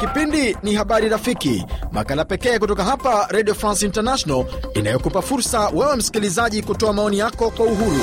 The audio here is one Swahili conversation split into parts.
Kipindi ni Habari Rafiki, makala pekee kutoka hapa Radio France International inayokupa fursa wewe msikilizaji kutoa maoni yako kwa uhuru.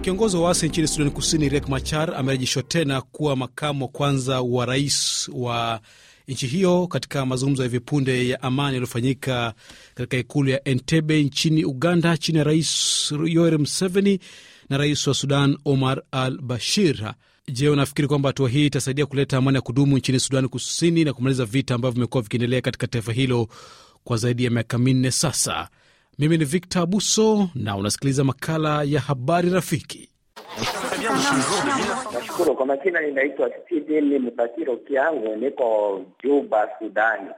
Kiongozi wa waasi nchini Sudani Kusini Riek Machar amerejeshwa tena kuwa makamu wa kwanza wa rais wa nchi hiyo katika mazungumzo ya hivi punde ya amani yaliyofanyika katika ikulu ya Entebbe nchini Uganda chini ya Rais Yoweri Museveni na rais wa Sudan Omar al Bashir. Je, unafikiri kwamba hatua hii itasaidia kuleta amani ya kudumu nchini Sudan Kusini na kumaliza vita ambavyo vimekuwa vikiendelea katika taifa hilo kwa zaidi ya miaka minne sasa? Mimi ni Victor Abuso na unasikiliza makala ya Habari Rafiki. Nashukuru kwa majina, ninaitwa Stephen Mbatiro Kiangu, niko Juba, Sudani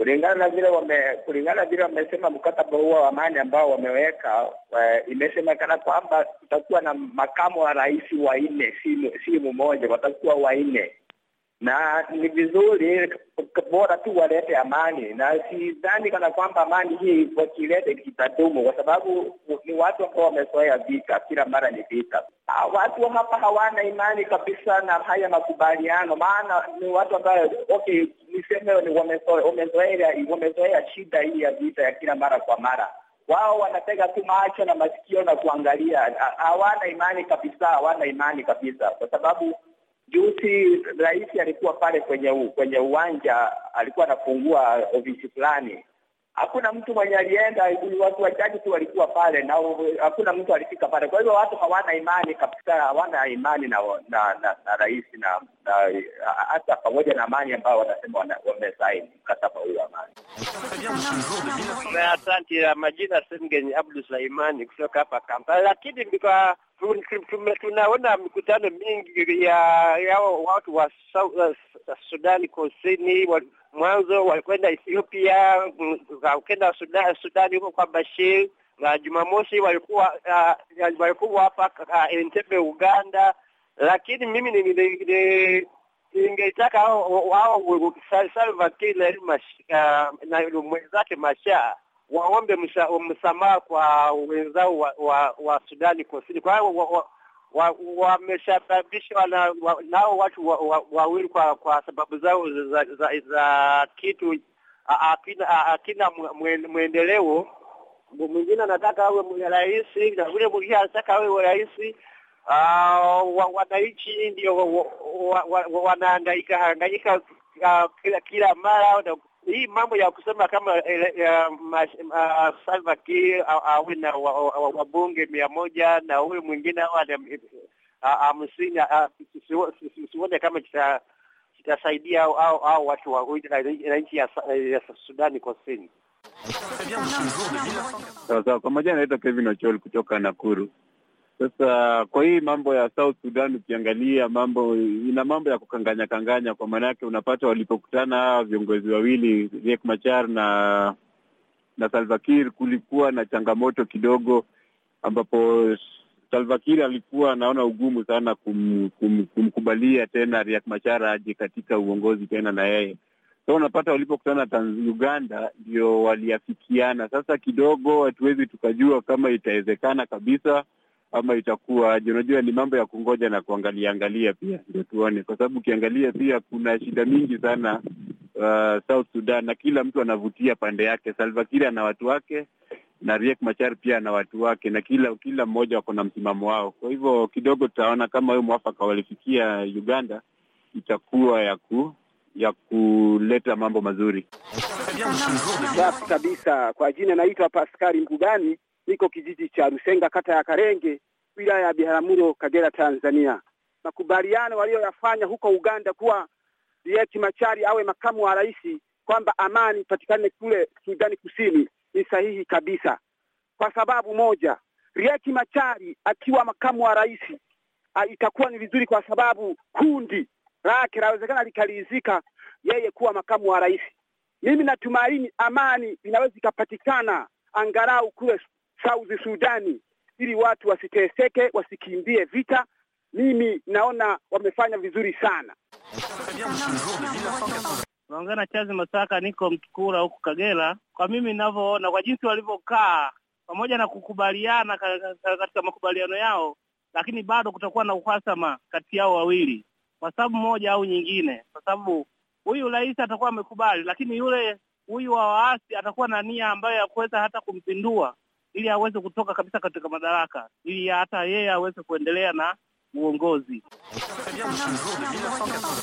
kulingana na vile wame kulingana vile wamesema mkataba huo wa amani ambao wameweka e, eh, imesemekana kwamba kutakuwa na makamo wa rais nne si, si mmoja, watakuwa wanne na ni vizuri bora tu walete amani, na sidhani kana kwamba amani hii wakilete kitadumu, kwa sababu ni watu ambao wamezoea vita, kila mara ni vita. Ah, watu hapa hawana imani kabisa na haya makubaliano, maana ni watu ambayo okay, niseme wamezoea shida hii ya vita ya kila mara kwa mara wao wanatega tu macho na masikio na kuangalia, ah, hawana imani kabisa, hawana imani kabisa kwa sababu Juzi rais alikuwa pale kwenye u, kwenye uwanja alikuwa anafungua ofisi fulani, hakuna mtu mwenye alienda, watu wachache tu walikuwa pale na hakuna mtu alifika pale. Kwa hivyo watu hawana imani kabisa, hawana imani na na, na, na rais na hata pamoja na amani ambao wanasema wamesaini mkataba huu wa amani. Asante ya majina Semgenye Abdu Sulaimani kutoka hapa Kampala, lakini tunaona mikutano mingi ya, ya watu wa uh, Sudani Kusini wa, mwanzo walikwenda Ethiopia, wakenda mm, Sudani, Sudani huko kwa Bashir na Jumamosi walikuwa uh, walikuwa hapa uh, Entebbe Uganda lakini mimi ningeitaka hao Salva Kiir ah, na mwenzake Masha waombe msamaha kwa wenzao wa, wa, wa Sudani Kusini kwa hiyo wamesababisha wa, wa, wa wa, nao watu wawili wa, wa kwa, kwa sababu zao za, za, za, za kitu akina mwendeleo. Mwingine anataka awe rais na yule mwingine anataka awe rais uh, wananchi ndio wa hangaika uh, kila, kila mara hii mambo ya kusema kama eh, Salva Kiir awe na wabunge mia moja na huyu mwingine awe hamsini, sione kama kitasaidia au watu wa nchi ya Sudani Kusini. Sawa sawa. Kwa majina naitwa Kevin Ochol kutoka Nakuru. Sasa kwa hii mambo ya South Sudan, ukiangalia mambo ina mambo ya kukanganya kanganya, kwa maana yake unapata walipokutana hawa viongozi wawili Riek Machar na na Salva Kiir kulikuwa na changamoto kidogo, ambapo Salva Kiir alikuwa anaona ugumu sana kum, kum, kumkubalia tena Riek Machar aje katika uongozi tena na yeye so unapata walipokutana Uganda ndio waliafikiana. Sasa kidogo hatuwezi tukajua kama itawezekana kabisa ama itakuwa Unajua, ni mambo ya kungoja na kuangalia angalia pia, ndio tuone, kwa sababu ukiangalia pia kuna shida mingi sana uh, South Sudan, na kila mtu anavutia pande yake. Salva Kiir ana watu wake na Riek Machar pia ana watu wake, na kila kila mmoja wako na msimamo wao. Kwa hivyo kidogo tutaona kama huyo mwafaka walifikia Uganda itakuwa ya ku ya kuleta mambo mazuri safi kabisa. Kwa jina naitwa Paskari Mkugani, niko kijiji cha Rusenga, kata ya Karenge, wilaya ya Biharamulo, Kagera, Tanzania. Makubaliano waliyoyafanya huko Uganda kuwa Riek Machari awe makamu wa rais, kwamba amani ipatikane kule Sudani Kusini ni sahihi kabisa, kwa sababu moja, Riek Machari akiwa makamu wa rais itakuwa ni vizuri, kwa sababu kundi lake lawezekana likalizika yeye kuwa makamu wa rais. Mimi natumaini amani inaweza ikapatikana angalau kule South Sudani ili watu wasiteseke, wasikimbie vita. Mimi naona wamefanya vizuri sana. Naongea Chazi Masaka, niko Mtukura huku Kagera. Kwa mimi ninavyoona, kwa jinsi walivyokaa pamoja na kukubaliana katika makubaliano yao, lakini bado kutakuwa na uhasama kati yao wawili kwa sababu moja au nyingine, kwa sababu huyu rais atakuwa amekubali, lakini yule huyu wa waasi atakuwa na nia ambayo ya kuweza hata kumpindua ili aweze kutoka kabisa katika madaraka, ili hata yeye aweze kuendelea na uongozi.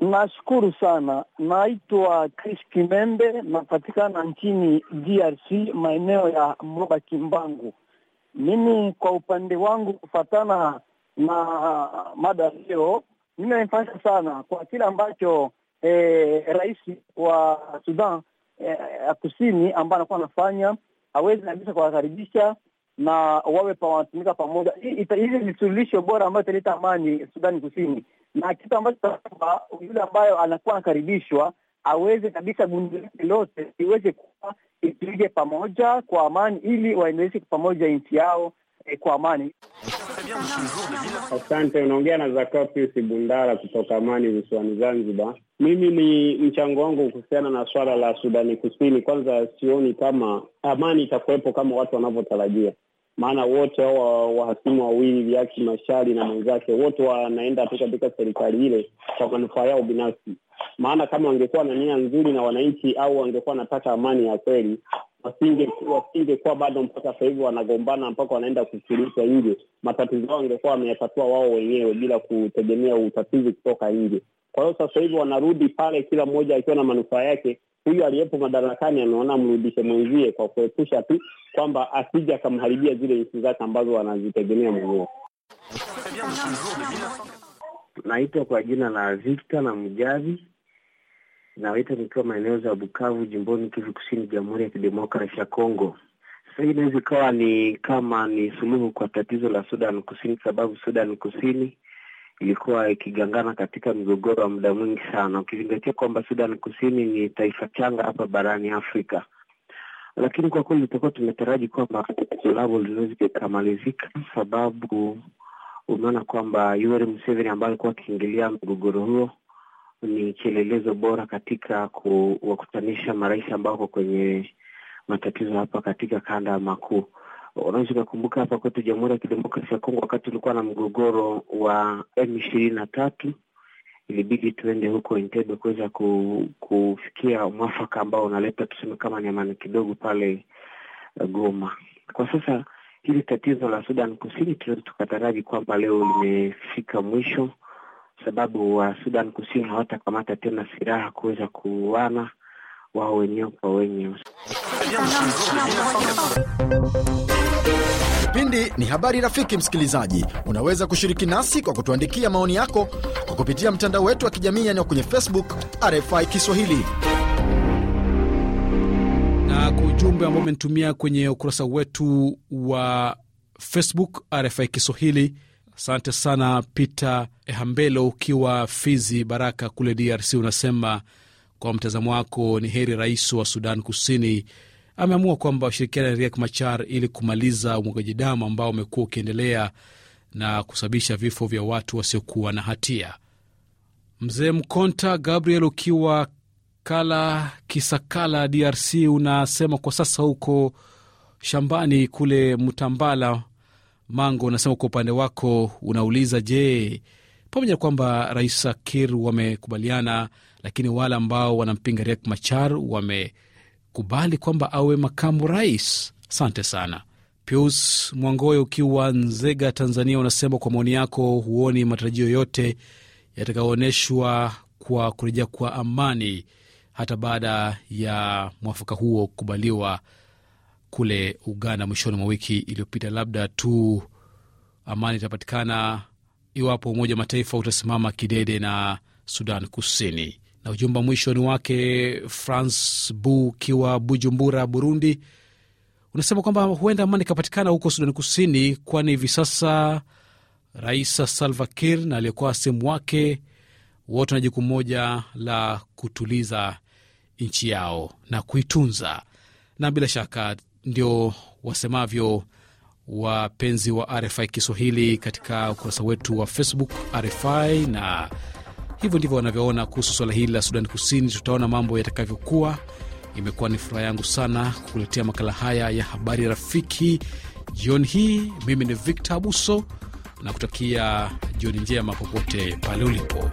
Nashukuru sana. Naitwa Chris Kimembe, napatikana nchini DRC, maeneo ya Moba Kimbangu. Mimi kwa upande wangu, kufatana na mada leo, mimi naifanya sana kwa kile ambacho eh, rais wa Sudan eh, ya eh, kusini ambaye anakuwa anafanya aweze kabisa kuwakaribisha na wawe wanatumika pamoja. Hili ni suluhisho bora ambayo italeta amani Sudani Kusini, na kitu ambacho kwamba yule ambayo anakuwa anakaribishwa aweze kabisa gundi lake lote iweze kuwa ituige pamoja kwa amani, ili waendeleshe pamoja nchi yao eh, kwa amani. Asante. Unaongea na Zakapius Bundara kutoka Amani visiwani Zanzibar. Mimi ni mchango wangu kuhusiana na swala la Sudani Kusini, kwanza sioni kama amani itakuwepo kama watu wanavyotarajia, maana wote hao wahasimu wawili Riaki Mashari na mwenzake wote wanaenda tu katika serikali ile kwa manufaa yao binafsi. Maana kama wangekuwa na nia nzuri na wananchi au wangekuwa wanataka amani ya kweli wasinge wasingekuwa bado mpaka sasa hivi wanagombana mpaka wanaenda kusuluhisha nje, matatizo yao wangekuwa wameyatatua wao wenyewe bila kutegemea utatizi kutoka nje. Kwa hiyo sasa hivi wanarudi pale, kila mmoja akiwa na manufaa yake. Huyu aliyepo madarakani ameona mrudishe mwenzie, kwa kuepusha tu kwamba asije akamharibia zile nchi zake ambazo wanazitegemea mwenyewe. Naitwa kwa jina la Victor na Mjavi nawaita nikiwa maeneo za Bukavu, jimboni Kivu Kusini, Jamhuri ya Kidemokrasi ya Kongo. Sasa hii inaweza ikawa ni kama ni suluhu kwa tatizo la Sudan Kusini, sababu Sudan Kusini ilikuwa ikigangana katika migogoro wa muda mwingi sana, ukizingatia kwamba Sudan Kusini ni taifa changa hapa barani Afrika. Lakini kwa kweli tutakuwa tumetaraji kwamba labo lao linaweza ikamalizika, sababu umeona kwamba Yoweri Museveni ambaye alikuwa akiingilia mgogoro huo ni kielelezo bora katika kuwakutanisha marais ambao wako kwenye matatizo hapa katika kanda makuu. Unaweza ukakumbuka hapa kwetu Jamhuri ya Kidemokrasia ya Kongo, wakati ulikuwa na mgogoro wa M ishirini na tatu, ilibidi tuende huko Entebbe kuweza kufikia mwafaka ambao unaleta tuseme kama ni amani kidogo pale eh, Goma. Kwa sasa hili tatizo la Sudan Kusini tunaweza tukataraji kwamba leo limefika mwisho sababu wa uh, Sudan Kusini hawatakamata tena silaha kuweza kuuana wao wenyewe kwa wenyewe. Kipindi ni habari. Rafiki msikilizaji, unaweza kushiriki nasi kwa kutuandikia maoni yako kwa kupitia mtandao wetu wa kijamii yaani kwenye Facebook RFI Kiswahili na kwa ujumbe ambao umetumia kwenye ukurasa wetu wa Facebook RFI Kiswahili Asante sana Peter Hambelo, ukiwa Fizi Baraka kule DRC, unasema kwa mtazamo wako ni heri rais wa Sudan Kusini ameamua kwamba washirikiana na Riek Machar ili kumaliza umwagaji damu ambao umekuwa ukiendelea na kusababisha vifo vya watu wasiokuwa na hatia. Mzee Mkonta Gabriel ukiwa kala Kisakala, DRC, unasema kwa sasa huko shambani kule Mtambala Mango unasema kwa upande wako unauliza, je, pamoja na kwamba Rais Sakir wamekubaliana, lakini wale ambao wanampinga Riek Machar wamekubali kwamba awe makamu rais. Asante sana. Pius Mwangoyo ukiwa Nzega, Tanzania, unasema kwa maoni yako huoni matarajio yote yatakaoonyeshwa kwa kurejea kwa amani hata baada ya mwafaka huo kukubaliwa kule Uganda mwishoni mwa wiki iliyopita. Labda tu amani itapatikana iwapo Umoja wa Mataifa utasimama kidede na Sudan Kusini. Na ujumbe wa mwishoni wake Franc Bu kiwa Bujumbura, Burundi, unasema kwamba huenda amani ikapatikana huko Sudani Kusini, kwani hivi sasa Rais Salva na aliyekuwa simu wake wote na jukumu moja la kutuliza nchi yao na kuitunza, na bila shaka ndio wasemavyo wapenzi wa RFI Kiswahili katika ukurasa wetu wa Facebook RFI, na hivyo ndivyo wanavyoona kuhusu swala hili la Sudani Kusini. Tutaona mambo yatakavyokuwa. Imekuwa ni furaha yangu sana kukuletea makala haya ya habari rafiki jioni hii. Mimi ni Victor Abuso na kutakia jioni njema popote pale ulipo.